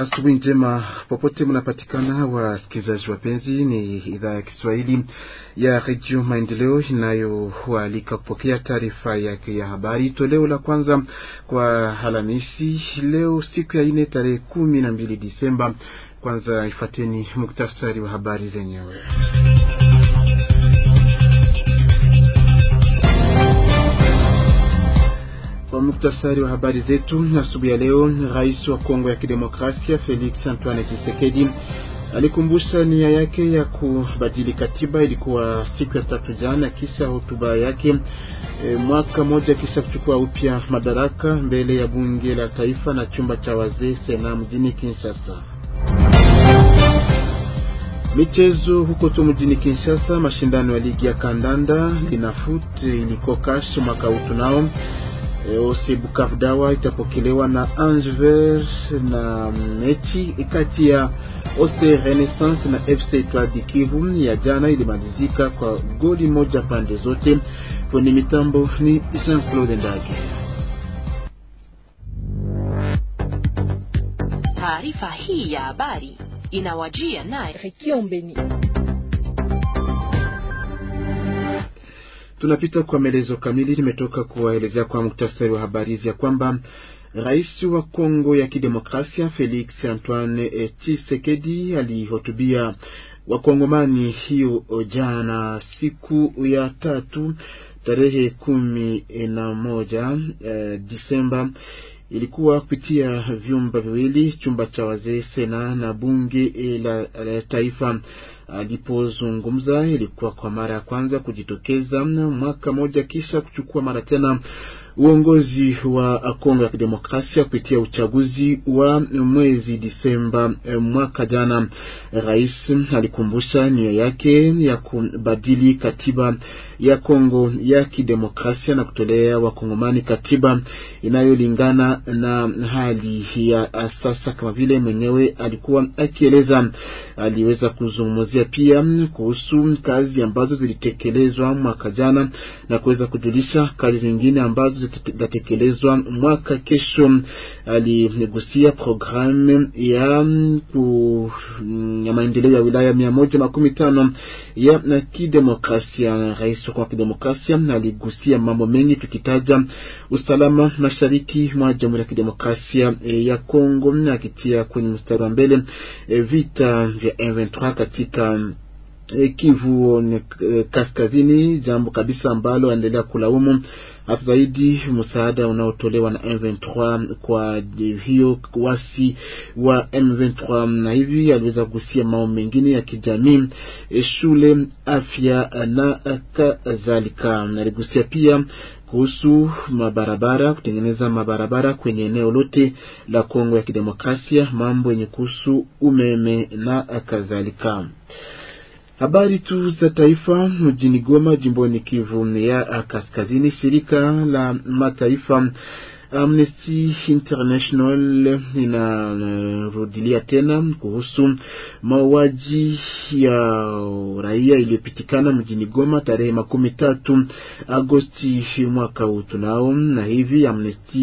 Asubuhi njema popote mnapatikana, wasikilizaji wapenzi. Ni idhaa ya Kiswahili ya Redio Maendeleo inayowaalika kupokea taarifa yake ya habari, toleo la kwanza kwa Alhamisi leo siku ya nne tarehe kumi na mbili Disemba. Kwanza ifuateni muktasari wa habari zenyewe. Kwa muktasari wa habari zetu asubuhi ya leo, rais wa Kongo ya Kidemokrasia Felix Antoine Tshisekedi alikumbusha nia yake ya kubadili katiba. Ilikuwa siku ya tatu jana, kisha hotuba yake e, mwaka moja kisha kuchukua upya madaraka mbele ya bunge la taifa na chumba cha wazee sena mjini Kinshasa. Michezo huko tu mjini Kinshasa, mashindano ya ligi ya kandanda linafut ilikokash mwaka utu nao ose Bukavdawa itapokelewa na Ange Vert na mechi kati ya ose Renaissance na FC Etoile du Kivu ya jana ilimalizika kwa goli moja pande zote. Kwenye mitambo ni Jean Claude Ndage. Taarifa hii ya habari inawajia naye Rekiombeni. Tunapita kwa maelezo kamili, nimetoka kuwaelezea kwa muktasari wa habari hizi ya kwamba Rais wa Kongo ya Kidemokrasia Felix Antoine Tshisekedi alihutubia wakongomani hiyo jana siku ya tatu tarehe kumi na moja eh, Disemba. Ilikuwa kupitia vyumba viwili, chumba cha wazee sena na bunge eh, la, la taifa alipozungumza. Ilikuwa kwa mara ya kwanza kujitokeza mwaka moja kisha kuchukua mara tena uongozi wa Kongo ya Kidemokrasia kupitia uchaguzi wa mwezi Disemba mwaka jana. Rais alikumbusha nia yake ya kubadili katiba ya Kongo ya Kidemokrasia na kutolea wakongomani katiba inayolingana na hali ya sasa, kama vile mwenyewe alikuwa akieleza. Aliweza kuzungumzia kuzungumzia pia kuhusu kazi ambazo zilitekelezwa mwaka jana na kuweza kujulisha kazi zingine ambazo zitatekelezwa mwaka kesho. Aligusia programu ya, mm, ya maendeleo ya wilaya mia moja makumi tano ya kidemokrasia. Rais wa kidemokrasia aligusia mambo mengi, tukitaja usalama mashariki mwa Jamhuri ya Kidemokrasia ya Kongo, akitia kwenye mstari wa mbele eh, vita vya M23 katika um, Eh, Kivu eh, Kaskazini, jambo kabisa ambalo anaendelea kulaumu hata zaidi msaada unaotolewa na M23 kwa hiyo wasi wa M23, na hivi aliweza kugusia mambo mengine ya kijamii, eh, shule, afya na kadhalika. Aligusia pia kuhusu mabarabara, kutengeneza mabarabara kwenye eneo lote la Kongo ya Kidemokrasia, mambo yenye kuhusu umeme na kadhalika. Habari tu za taifa mjini Goma, jimboni Kivu ya ah, Kaskazini. Shirika la mataifa Amnesty International inarudilia eh, tena kuhusu mauaji ya raia iliyopitikana mjini Goma tarehe makumi tatu Agosti mwaka huu tunao, na hivi Amnesty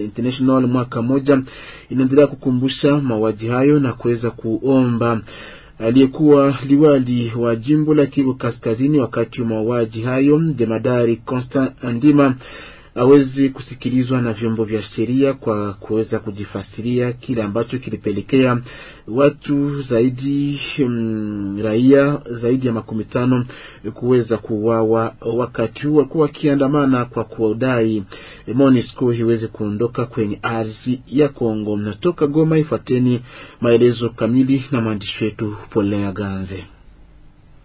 International mwaka moja inaendelea kukumbusha mauaji hayo na kuweza kuomba aliyekuwa liwali wa jimbo la Kivu Kaskazini wakati wa mauaji hayo, jemadari Constant Andima awezi kusikilizwa na vyombo vya sheria kwa kuweza kujifasiria kile ambacho kilipelekea watu zaidi mm, raia zaidi ya makumi tano kuweza kuuawa wakati huo walikuwa wakiandamana kwa kudai MONUSCO iweze kuondoka kwenye ardhi ya Kongo. Natoka Goma, ifuateni maelezo kamili na mwandishi wetu Polea Ganze.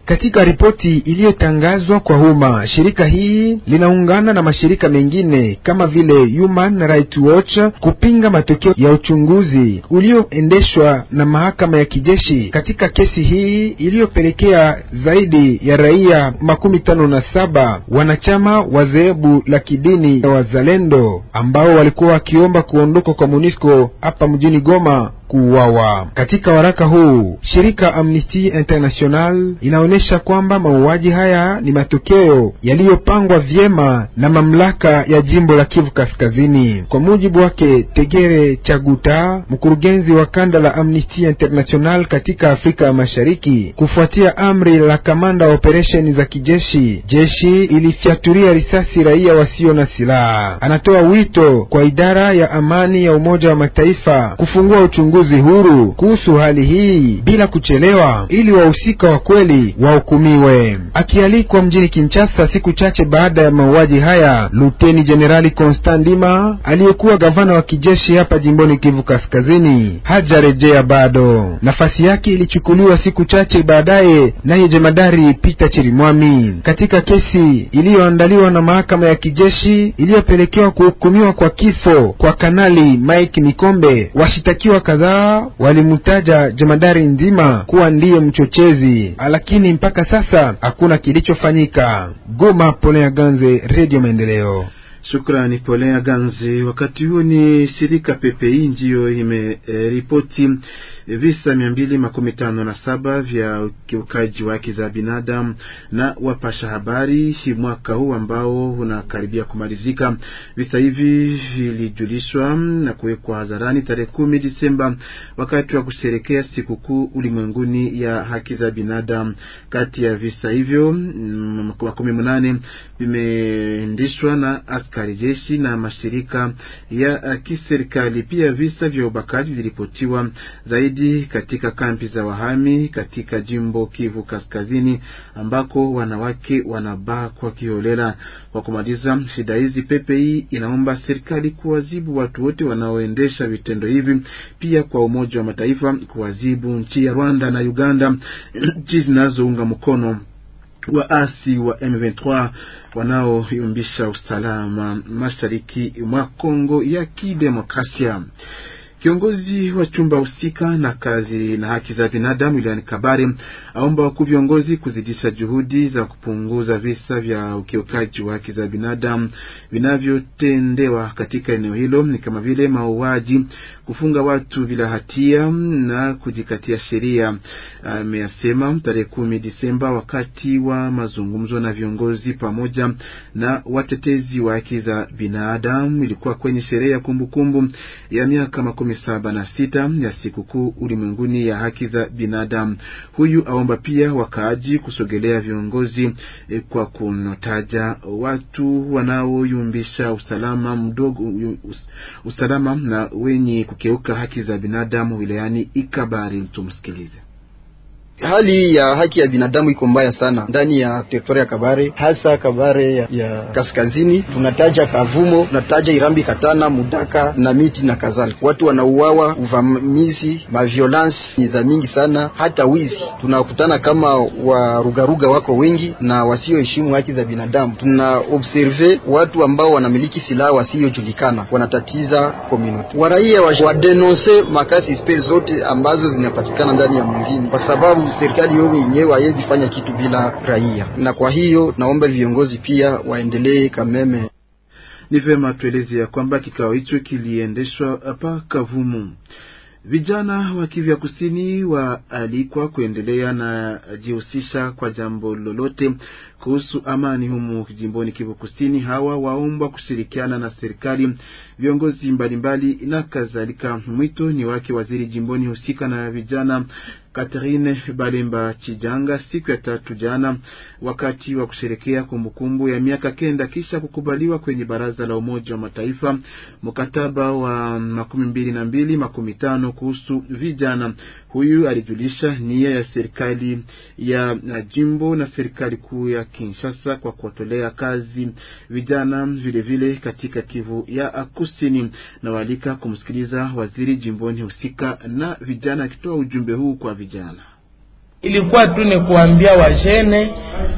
Katika ripoti iliyotangazwa kwa umma, shirika hii linaungana na mashirika mengine kama vile Human Rights Watch kupinga matokeo ya uchunguzi ulioendeshwa na mahakama ya kijeshi katika kesi hii iliyopelekea zaidi ya raia makumi tano na saba wanachama wa dhehebu la kidini ya Wazalendo ambao walikuwa wakiomba kuondoka kwa MONUSCO hapa mjini Goma kuuawa. Katika waraka huu shirika Amnesty International inaonyesha kwamba mauaji haya ni matokeo yaliyopangwa vyema na mamlaka ya jimbo la Kivu Kaskazini. Kwa mujibu wake Tegere Chaguta, mkurugenzi wa kanda la Amnesty International katika Afrika ya Mashariki, kufuatia amri la kamanda wa operesheni za kijeshi, jeshi ilifyatulia risasi raia wasio na silaha. Anatoa wito kwa idara ya amani ya Umoja wa Mataifa kufungua uchunguzi uchunguzi huru kuhusu hali hii bila kuchelewa, ili wahusika wa kweli wahukumiwe. Akialikwa mjini Kinshasa siku chache baada ya mauaji haya, Luteni Jenerali Constant Ndima aliyekuwa gavana wa kijeshi hapa jimboni Kivu Kaskazini hajarejea bado. Nafasi yake ilichukuliwa siku chache baadaye naye jemadari Peter Chirimwami katika kesi iliyoandaliwa na mahakama ya kijeshi iliyopelekewa kuhukumiwa kwa kifo kwa Kanali Mike Mikombe. Washitakiwa kadhaa kadhaa walimtaja jemadari nzima kuwa ndiye mchochezi, ah, lakini mpaka sasa hakuna kilichofanyika. Goma, Polin Ganze, redio Maendeleo. Shukrani Polea ganzi. Wakati huu ni shirika PPI ndiyo imeripoti e, visa mia mbili makumi tano na saba vya ukiukaji wa haki za binadamu na wapasha habari mwaka huu ambao unakaribia kumalizika. Visa hivi vilijulishwa na kuwekwa hadharani tarehe kumi Disemba wakati wa kusherekea sikukuu ulimwenguni ya haki za binadamu. Kati ya visa hivyo mm, makumi vimeendishwa na askari jeshi na mashirika ya eh, kiserikali. Pia visa vya ubakaji viliripotiwa zaidi katika kambi za wahami katika jimbo Kivu Kaskazini, ambako wanawake wanabakwa kiholela. Kwa kumaliza shida hizi, pepe hii inaomba serikali kuwazibu watu wote wanaoendesha vitendo hivi, pia kwa Umoja wa Mataifa kuwazibu nchi ya Rwanda na Uganda, nchi zinazounga mkono waasi wa M23 wanaoyumbisha usalama mashariki mwa Kongo ya Kidemokrasia. Kiongozi wa chumba husika na kazi na haki za binadamu Iliani Kabare aomba wakuu viongozi kuzidisha juhudi za kupunguza visa vya ukiukaji wa haki za binadamu vinavyotendewa katika eneo hilo, ni kama vile mauaji, kufunga watu bila hatia na kujikatia sheria. Ameyasema tarehe kumi Disemba wakati wa mazungumzo na viongozi pamoja na watetezi wa haki za binadamu, ilikuwa kwenye sherehe ya kumbukumbu ya miaka makumi makumi saba na sita ya sikukuu ulimwenguni ya haki za binadamu. Huyu aomba pia wakaaji kusogelea viongozi e, kwa kunotaja watu wanaoyumbisha usalama mdogo usalama na wenye kukeuka haki za binadamu wilayani Ikabari. Tumsikilize. Hali ya haki ya binadamu iko mbaya sana ndani ya teritoria ya Kabare, hasa Kabare ya, ya kaskazini. Tunataja Kavumo, tunataja Irambi, Katana, Mudaka na miti na kadhalika. Watu wanauawa, uvamizi, maviolansi ni za mingi sana, hata wizi. Tunakutana kama warugaruga wako wengi na wasioheshimu haki za binadamu. Tuna observe watu ambao wanamiliki silaha wasiojulikana, wanatatiza community. Waraia wadenonse makasi spe zote ambazo zinapatikana ndani ya mwingine kwa sababu serikali yao yenyewe haiwezi fanya kitu bila raia, na kwa hiyo naomba viongozi pia waendelee kameme. Ni vema tueleze ya kwamba kikao hicho kiliendeshwa hapa Kavumu. Vijana wa Kivya Kusini waalikwa kuendelea na jihusisha kwa jambo lolote kuhusu amani humu jimboni Kivu Kusini. Hawa waombwa kushirikiana na serikali, viongozi mbalimbali na kadhalika. Mwito ni wake waziri jimboni husika na vijana Catherine Balemba Chijanga siku ya tatu jana, wakati wa kusherekea kumbukumbu ya miaka kenda kisha kukubaliwa kwenye Baraza la Umoja wa Mataifa mkataba wa makumi mbili na mbili makumi tano kuhusu vijana. Huyu alijulisha nia ya serikali ya jimbo na serikali kuu ya Kinshasa kwa kuwatolea kazi vijana vilevile vile katika Kivu ya Kusini. Nawaalika kumsikiliza waziri jimboni husika na vijana akitoa ujumbe huu kwa vijana. Ilikuwa tu ni kuambia wajene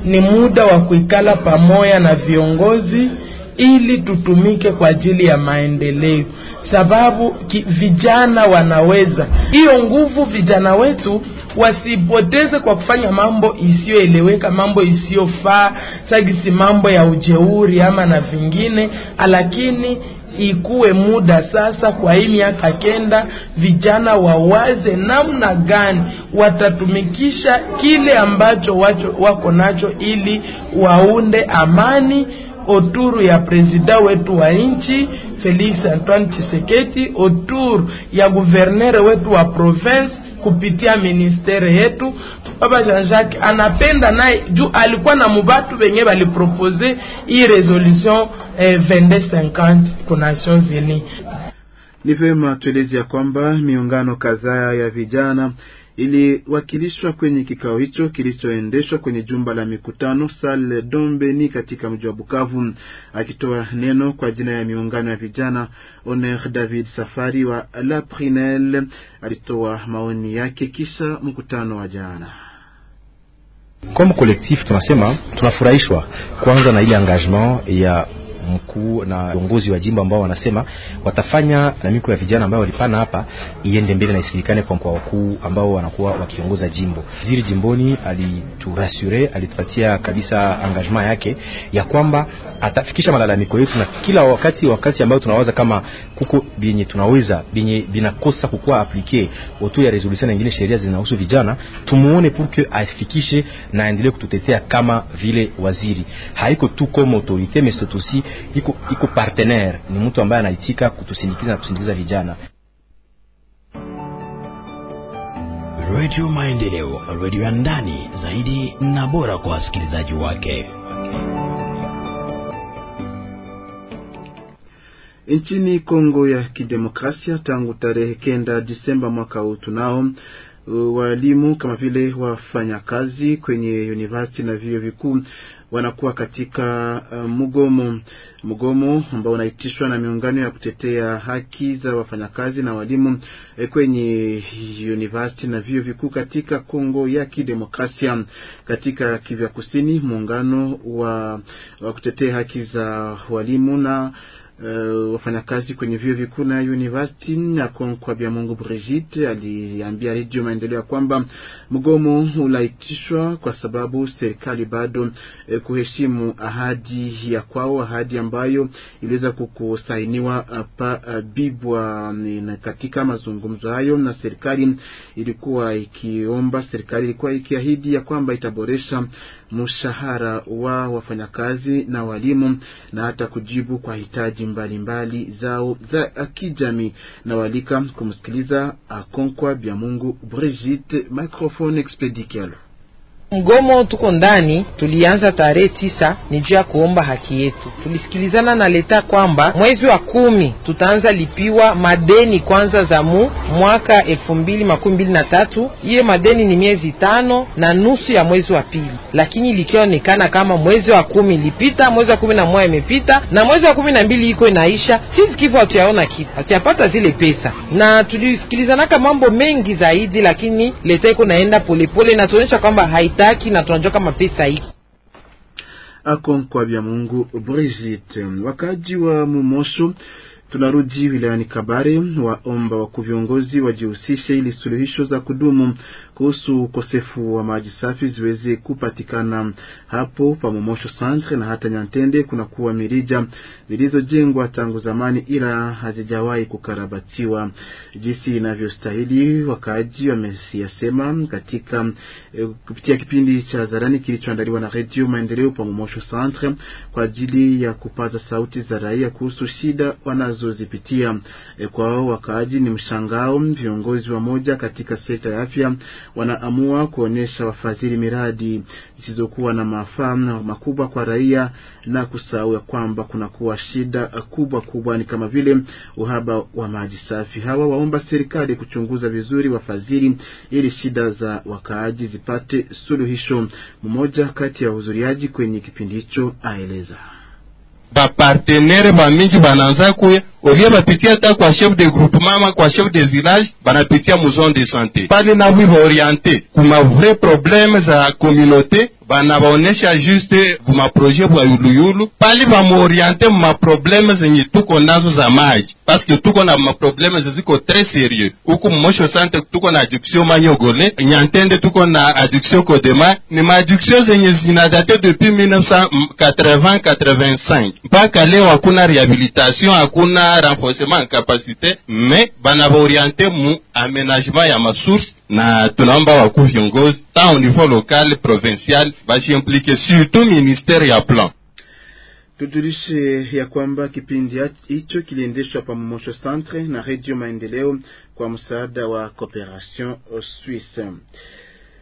ni muda wa kuikala pamoja na viongozi ili tutumike kwa ajili ya maendeleo, sababu ki, vijana wanaweza hiyo nguvu. Vijana wetu wasipoteze kwa kufanya mambo isiyoeleweka, mambo isiyofaa, sagisi mambo ya ujeuri ama na vingine, lakini ikuwe muda sasa, kwa hii miaka kenda, vijana wawaze namna gani watatumikisha kile ambacho wacho, wako nacho ili waunde amani autour ya prezida wetu wa nchi Felix Antoine Tshisekedi, autour ya gouverneur wetu wa province kupitia ministere yetu Baba Jean Jacques anapenda naye juu alikuwa na mubatu wenye walipropose hii resolution eh, 2250 kwa Nations Unies. Ni vema ya kwamba miungano kadhaa ya vijana iliwakilishwa kwenye kikao hicho kilichoendeshwa kwenye jumba la mikutano Sale Dombeni katika mji wa Bukavu. Akitoa neno kwa jina ya miungano ya vijana, Honor David Safari wa La Prinel alitoa maoni yake kisha mkutano wa jana. Comme collectif tunasema tunafurahishwa kwanza na ile engagement ya mkuu na viongozi wa jimbo ambao wanasema watafanya na miko ya vijana ambao walipana hapa iende mbele na isilikane kwa mkoa wakuu ambao wanakuwa wakiongoza jimbo. Waziri jimboni aliturasure, alitupatia kabisa engagement yake ya kwamba atafikisha malalamiko yetu, na kila wakati wakati ambao tunawaza kama kuko binye tunaweza binye binakosa kukuwa aplike otu ya resolution nyingine, sheria zinahusu vijana, tumuone purke afikishe na aendelee kututetea kama vile waziri haiko tu komo autorite mesotosi iko iko partenaire, ni mtu ambaye anaitika kutusindikiza na kusindikiza vijana. Radio Maendeleo, radio ya ndani zaidi na bora kwa wasikilizaji wake. Nchini Kongo ya Kidemokrasia tangu tarehe kenda Disemba mwaka huu tunao Uh, walimu kama vile wafanyakazi kwenye university na vyuo vikuu wanakuwa katika uh, mgomo mgomo ambao unaitishwa na miungano ya kutetea haki za wafanyakazi na walimu eh, kwenye university na vyuo vikuu katika Kongo ya Kidemokrasia. Katika Kivu Kusini, muungano wa, wa kutetea haki za walimu na Uh, wafanyakazi kwenye vyuo vikuu na university na kwa bia Mungu Brigitte aliambia Radio Maendeleo ya kwamba mgomo ulaitishwa kwa sababu serikali bado eh, kuheshimu ahadi ya kwao, ahadi ambayo iliweza kukusainiwa pa uh, eh, Bibwa. Na katika mazungumzo hayo na serikali ilikuwa ikiomba, serikali ilikuwa ikiahidi ya kwamba itaboresha mshahara wa wafanyakazi na walimu na hata kujibu kwa hitaji mbalimbali mbali zao za kijamii. Na walika kumsikiliza Akonkwa Bya Mungu Brigitte, microphone expedicale. Mgomo tuko ndani tulianza tarehe tisa ni juu ya kuomba haki yetu. Tulisikilizana na leta kwamba mwezi wa kumi tutaanza lipiwa madeni kwanza za mu mwaka elfu mbili makumi mbili na tatu. Hiyo madeni ni miezi tano na nusu ya mwezi wa pili, lakini likionekana kama mwezi wa kumi ilipita, mwezi wa kumi na moja imepita na mwezi wa kumi na mbili iko inaisha, sisi kifo hatuyaona kitu, hatuyapata zile pesa, na tulisikilizanaka mambo mengi zaidi, lakini leta iko naenda polepole, natuonyesha kwamba hai hatutaki na tunajua kama pesa iko akonkwabya Mungu Brigitte. Wakaji wa Mumoso tunarudi wilayani Kabare, waomba wakuu viongozi wajihusishe ili suluhisho za kudumu kuhusu ukosefu wa maji safi ziweze kupatikana hapo Pamomosho Centre na hata Nyantende. Kuna kuwa mirija zilizojengwa tangu zamani, ila hazijawahi kukarabatiwa jinsi inavyostahili. Wakaaji wamesiyasema katika e, kupitia kipindi cha zarani kilichoandaliwa na Redio Maendeleo Pamomosho Centre kwa ajili ya kupaza sauti za raia kuhusu shida wanazozipitia. E, kwao wakaaji ni mshangao viongozi wa moja katika sekta ya afya wanaamua kuonyesha wafadhili miradi zisizokuwa na mafaa makubwa kwa raia na kusahau ya kwamba kunakuwa shida kubwa kubwa ni kama vile uhaba wa maji safi. Hawa waomba serikali kuchunguza vizuri wafadhili ili shida za wakaaji zipate suluhisho. Mmoja kati ya wahudhuriaji kwenye kipindi hicho aeleza bapartenere ba bananza kuya ovie bapitia ta kwa chef de groupement ma kwa chef de village banapitia mu zone de santé bali na bwi baoriente kuma vrai probleme za communauté bana baonesha juste bumaproje bwa yuluyulu pali bamuoriente mu maprobleme zenye tuko nazo za maji paske tuko na maprobleme zeziko tres sérieux huku mumosho sante tuko na addiction manyogole nyantende tuko na addiction kodema ni maaddiction zenye zinadate depuis 1980 85 mpaka leo hakuna rehabilitation hakuna pas renforcement ya capacité me banabaoriente mu aménagement ya masource na tunaomba wakuu viongozi tant au niveau local provincial bashiimplike surtout ministère ya plan Tujulishe ya kwamba kipindi hicho kiliendeshwa pamoja Centre na Radio Maendeleo kwa msaada wa Cooperation Suisse.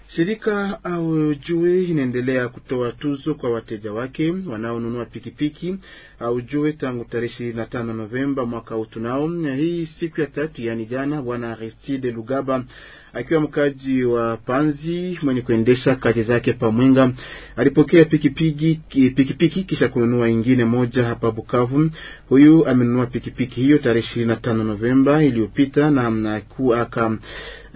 Shirika Aujue inaendelea kutoa tuzo kwa wateja wake wanaonunua pikipiki aujue tangu tarehe ishirini na tano Novemba mwaka utunao hii siku ya tatu, yaani jana, bwana Aristide Lugaba akiwa mkaji wa Panzi mwenye kuendesha kazi zake Pamwenga alipokea pikipiki pikipiki kisha kununua ingine moja hapa Bukavu. Huyu amenunua pikipiki hiyo tarehe ishirini na tano Novemba iliyopita, na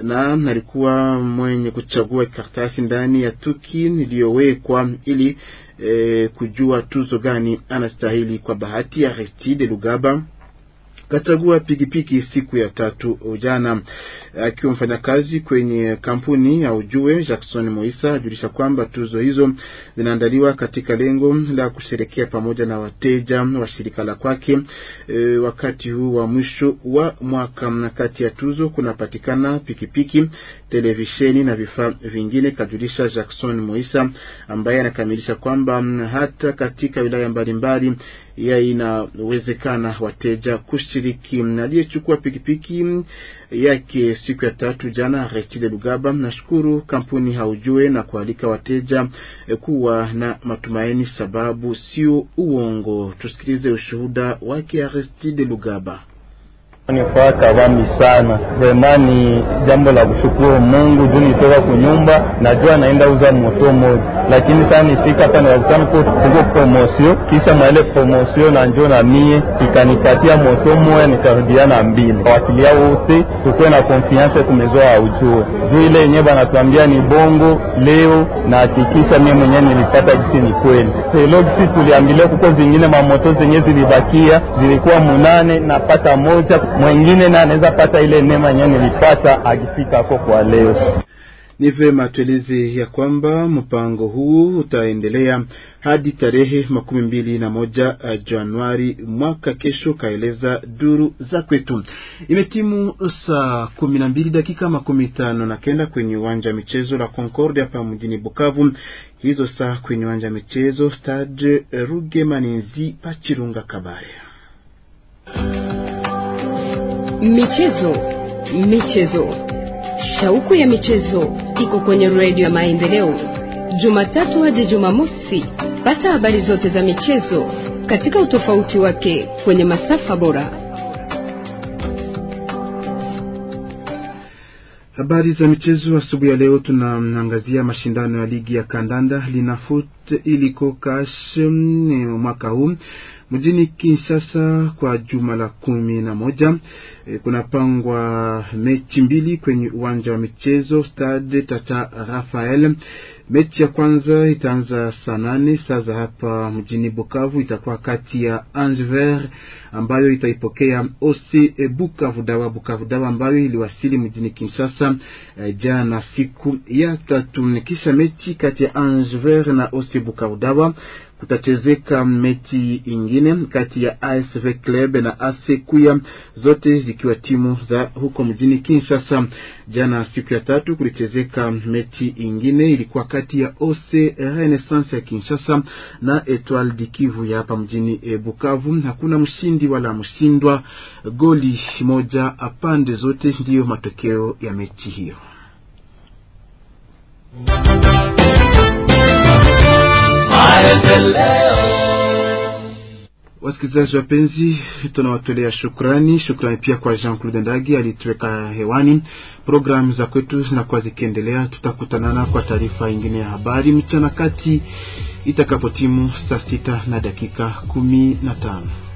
na alikuwa mwenye kuchagua karatasi ndani ya tuki iliyowekwa ili eh, kujua tuzo gani anastahili kwa bahati ya Aristide Lugaba kachagua pikipiki siku ya tatu jana. Akiwa mfanyakazi kwenye kampuni ya Ujue, Jackson Moisa ajulisha kwamba tuzo hizo zinaandaliwa katika lengo la kusherekea pamoja na wateja wa shirika la kwake e, wakati huu wa mwisho wa mwaka. Kati ya tuzo kunapatikana pikipiki, televisheni na vifaa vingine, kajulisha Jackson Moisa ambaye anakamilisha kwamba hata katika wilaya mbalimbali ya inawezekana wateja kushiriki. Aliyechukua pikipiki yake siku ya tatu jana, Restile Lugaba, nashukuru kampuni haujue na kualika wateja kuwa na matumaini, sababu sio uongo. Tusikilize ushuhuda wake Restile Lugaba ni furaha kabambi sana vrema, ni jambo la kushukuru Mungu juu nitoka kunyumba, najua naenda uza moto moja, lakini saa nifika hapa nakutana kuko promosio, kisha mwaile promosio na njo na mie ikanipatia moto moya, nikarudia na mbili. Wakilia wote tukuwe na konfiansa kumezoa aujue juu ile yenyewe banatuambia ni bongo. Leo nahakikisha mie mwenyewe nilipata gisi ni kweli selo gisi tuliambilia, kuko zingine mamoto zenye zilibakia zilikuwa munane, napata moja mwengine na anaweza pata ile neema yenyewe nilipata akifika huko kwa leo. Ni vema tueleze ya kwamba mpango huu utaendelea hadi tarehe makumi mbili na moja eh, Januari mwaka kesho, kaeleza duru za kwetu. Imetimu saa kumi na mbili dakika makumi tano na kenda kwenye uwanja wa michezo la Concorde hapa mjini Bukavu. Hizo saa kwenye uwanja wa michezo Stade Rugemaninzi Pachirunga Kabare. Michezo, michezo, shauku ya michezo iko kwenye redio ya Maendeleo, Jumatatu hadi Jumamosi. Pata habari zote za michezo katika utofauti wake kwenye masafa bora. Habari za michezo asubuhi ya leo, tunaangazia mashindano ya ligi ya kandanda linafut iliko kash eh, mwaka huu mjini Kinshasa kwa juma la kumi na moja. E, kunapangwa mechi mbili kwenye uwanja wa michezo Stade Tata Rafael Mechi ya kwanza itaanza saa nane saa za hapa mjini Bukavu, itakuwa kati ya Angever ambayo itaipokea OC Bukavu Dawa. Bukavu Dawa ambayo iliwasili mjini Kinshasa e, jana siku ya tatu. Kisha mechi kati ya Angever na OC Bukavu Dawa kutachezeka mechi ingine kati ya ASV Club na AC Kuya, zote zikiwa timu za huko mjini Kinshasa. Jana siku ya tatu kulichezeka mechi ingine ilikuwa kati ya OC Renaissance ya Kinshasa na Etoile du Kivu ya hapa mjini eh, Bukavu. Hakuna mshindi wala mshindwa, goli moja apande zote, ndiyo matokeo ya mechi hiyo. Wasikilizaji wapenzi, tunawatolea shukrani, shukrani pia kwa Jean-Claude Ndagi alituweka hewani. Programu za kwetu zinakuwa zikiendelea, tutakutanana kwa taarifa nyingine ya habari mchana kati itakapotimu saa sita na dakika kumi na tano.